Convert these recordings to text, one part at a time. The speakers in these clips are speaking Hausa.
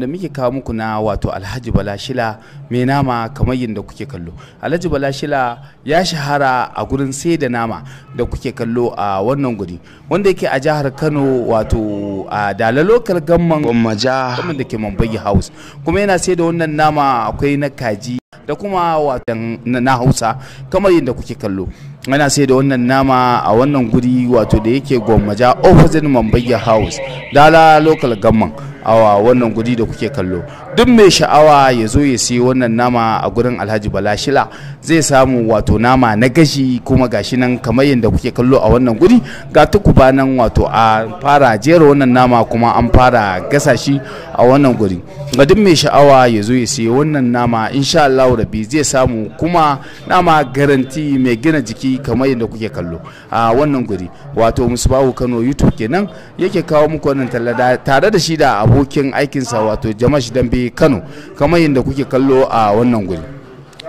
da muke kawo muku na wato alhaji bala shila mai nama kamar yadda kuke kallo alhaji bala shila ya shahara a gurin sai da nama da kuke kallo a wannan guri wanda yake a jihar kano wato a dala local gamman gwammaja da ke mambayi house kuma yana sai da wannan nama akwai na kaji da kuma wato na hausa kamar yadda kuke kallo ana sai da wannan nama a wannan guri wato da yake gwammaja opposite mambayi house dala local gamman awa wannan gudi da kuke kallo duk mai sha'awa ya zo ya sayi wannan nama a gurin alhaji bala shila zai samu wato nama na gashi kuma gashi nan kamar yadda kuke kallo a wannan guri ga tukuba nan wato a fara jera wannan nama kuma an fara gasa shi a wannan guri ga duk mai sha'awa ya zo ya sayi wannan nama insha Allah rabi zai samu kuma nama garanti mai gina jiki kamar yadda kuke kallo a wannan guri wato musbahu kano youtube kenan yake kawo muku wannan talla tare da shi da abokin aikinsa wato jama'a dambe kano kamar yadda kuke kallo a wannan guri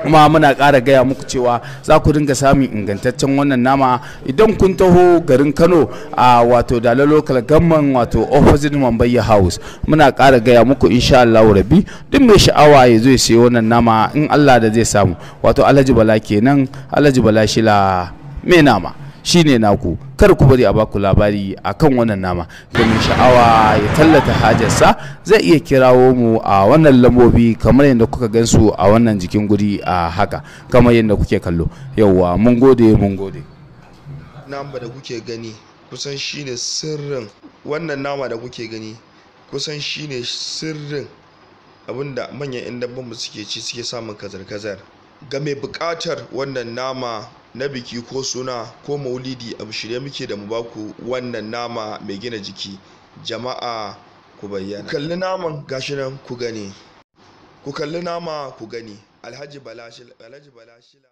kuma muna ƙara gaya muku cewa za ku dinga samun ingantaccen wannan nama idan kun taho garin kano a wato dala local gamman wato opposite mambayya house muna ƙara gaya muku insha Allah rabi duk mai sha'awa ya zo ya sayi wannan nama in Allah da zai samu wato alhaji bala kenan alhaji bala shila mai nama shine naku kar ku bari a baku labari akan wannan nama domin sha'awa ya tallata hajarsa zai iya kirawo mu a wannan lambobi kamar yadda kuka gansu a wannan jikin guri a haka kamar yadda kuke kallo yauwa mun gode mun gode nama da kuke gani kusan shine sirrin wannan nama da kuke gani kusan shine sirrin abinda manyan 'yan dabbanmu suke ci suke samun kazar-kazar ga mai buƙatar wannan nama na biki ko suna ko maulidi a shirye muke da mu baku wannan nama mai gina jiki jama'a ku bayyana kalli naman gashi nan ku gani ku kalli nama ku gani alhaji balashila